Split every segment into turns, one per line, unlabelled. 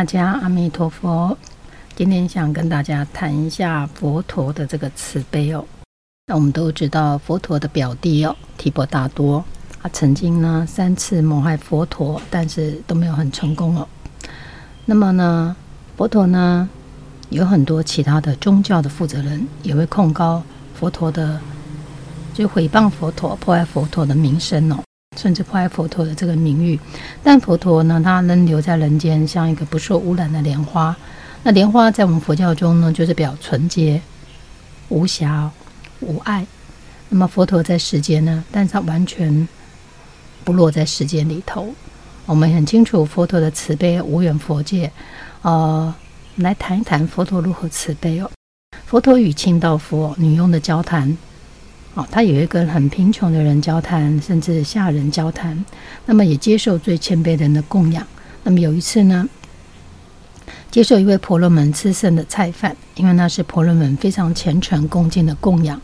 大家阿彌陀佛，今天想跟大家談一下佛陀的這個慈悲哦。那我們都知道佛陀的表弟哦，提婆達多，他曾經呢三次謀害佛陀，但是都沒有很成功哦。那麼呢，佛陀呢有很多其他的宗教的負責人也會控告佛陀的，就毀謗佛陀、破壞佛陀的名聲哦。甚至破壞佛陀的這個名譽，但佛陀呢，他仍留在人間，像一個不受污染的蓮花。那蓮花在我們佛教中呢，就是表純潔、無瑕、無礙。那麼佛陀在世間呢，但他完全不落在世間裡頭。我們很清楚佛陀的慈悲無遠弗屆。呃，來談一談佛陀如何慈悲哦。佛陀與清道夫女傭的交談。哦，他有一個很貧窮的人交談，甚至下人交談。那麼也接受最謙卑人的供養。那麼有一次呢，接受一位婆羅門吃剩的菜飯，因為那是婆羅門非常虔誠恭敬的供養。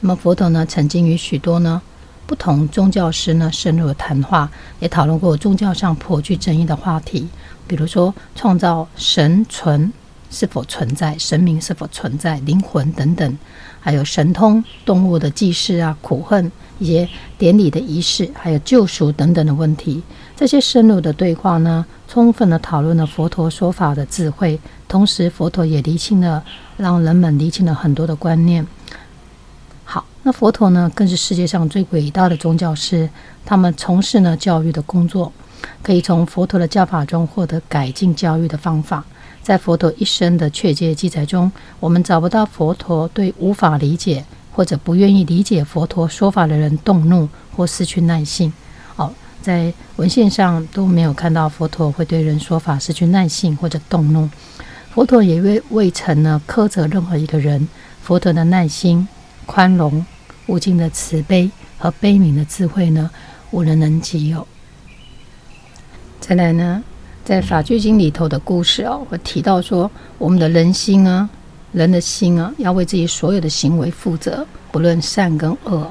那麼佛陀呢，曾經與許多呢不同宗教師呢深入的談話，也討論過宗教上頗具爭議的話題，比如說創造、神存是否存在、神明是否存在、靈魂等等。還有神通動物的祭祀啊、苦恨以及典禮的儀式，還有救贖等等的問題，這些深入的對話呢，充分的討論了佛陀說法的智慧，同時佛陀也理清了，讓人們理清了很多的觀念。好，那佛陀呢，更是世界上最偉大的宗教師。他們從事呢教育的工作，可以從佛陀的教法中獲得改進教育的方法。在佛陀一生的確切記載中，我們找不到佛陀對無法理解或者不願意理解佛陀說法的人動怒或失去耐性。哦，在文獻上都沒有看到佛陀會對人說法失去耐性或者動怒。佛陀也未未曾呢苛責任何一個人。佛陀的耐心、寬容、無盡的慈悲和悲憫的智慧呢，無人能及哦。再來呢？在《法句經》裡頭的故事哦，會提到說，我們的人心啊，人的心啊，要為自己所有的行為負責，不論善跟惡。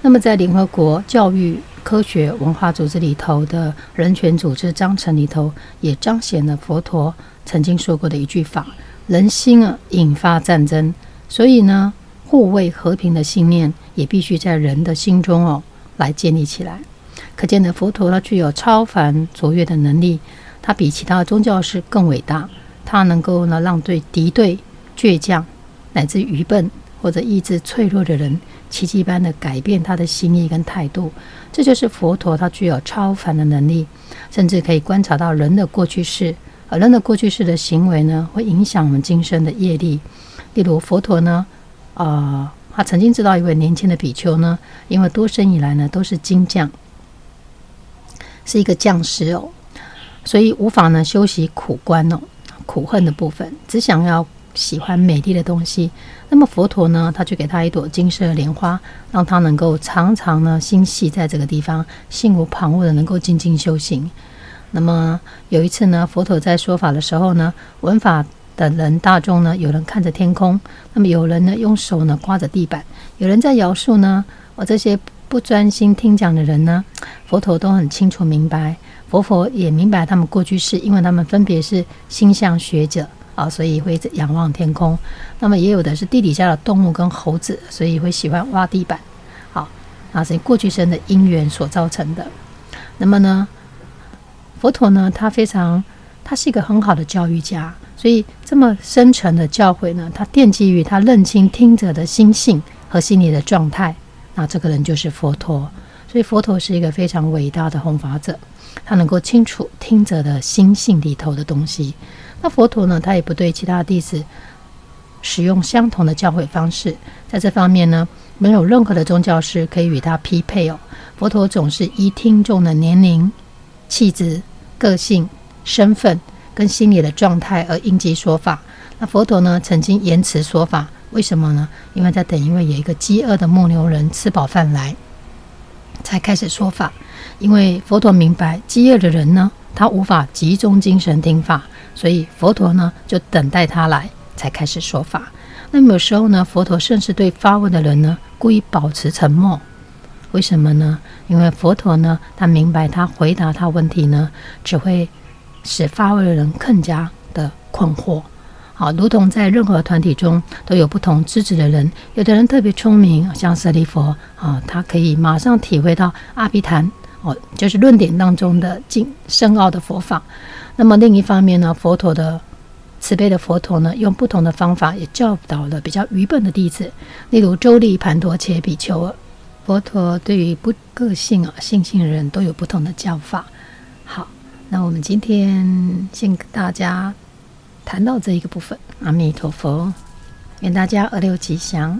那麼，在聯合國教育科學文化組織裡頭的人權組織章程裡頭，也彰顯了佛陀曾經說過的一句話：人心啊，引發戰爭。所以呢，護衛和平的信念也必須在人的心中哦來建立起來。可見呢，佛陀呢，具有超凡卓越的能力。他比其他的宗教是更偉大。他能夠呢，讓對敵對、倔強乃至愚笨或者意志脆弱的人，奇蹟般的改變他的心意跟態度。這就是佛陀他具有超凡的能力，甚至可以觀察到人的過去世。而人的過去世的行為呢，會影響我們今生的業力。例如佛陀呢，啊、呃，他曾經知道一位年輕的比丘呢，因為多生以來呢，都是金匠，是一個匠師哦。所以無法呢修習苦觀哦，苦恨的部分，只想要喜歡美麗的東西。那麼佛陀呢，他就給他一朵金色的蓮花，讓他能夠常常呢心繫在這個地方，心無旁騖的能夠靜靜修行。那麼有一次呢，佛陀在說法的時候呢，聞法的人大眾呢，有人看着天空，那麼有人呢用手呢刮着地板，有人在搖樹呢，啊、哦、這些。不專心聽講的人呢，佛陀都很清楚明白。佛陀也明白他們過去世，因為他們分別是星象學者啊、哦，所以會仰望天空。那麼也有的是地底下的動物跟猴子，所以會喜歡挖地板。好啊，所以過去生的因緣所造成的。那麼呢，佛陀呢，他非常，他是一個很好的教育家，所以這麼深沉的教誨呢，他奠基於他認清聽者的心性和心理的狀態。那這個人就是佛陀，所以佛陀是一個非常偉大的弘法者，他能夠清楚聽者的心性裡頭的東西。那佛陀呢，他也不對其他弟子使用相同的教誨方式，在這方面呢，沒有任何的宗教師可以與他匹配哦。佛陀總是依聽眾的年齡、氣質、個性、身份跟心理的狀態而應機說法。那佛陀呢，曾經言辭說法。為什麼呢？因為在等，因為有一個飢餓的牧牛人吃飽飯來，才開始說法。因為佛陀明白，飢餓的人呢，他無法集中精神聽法，所以佛陀呢，就等待他來才開始說法。那麼有時候呢，佛陀甚至對發問的人呢，故意保持沉默。為什麼呢？因為佛陀呢，他明白，他回答他問題呢，只會使發問的人更加的困惑。好，如同在任何團體中都有不同資質的人，有的人特別聰明，像舍利弗啊、哦，他可以馬上體會到阿毗曇。哦，就是論典當中的精深奧的佛法。那麼另一方面呢，佛陀的慈悲的佛陀呢，用不同的方法也教導了比較愚笨的弟子，例如周利槃陀伽比丘。佛陀對於不個性啊、心性的人都有不同的教法。好，那我們今天先跟大家，談到這一個部分，阿彌陀佛，願大家二六吉祥。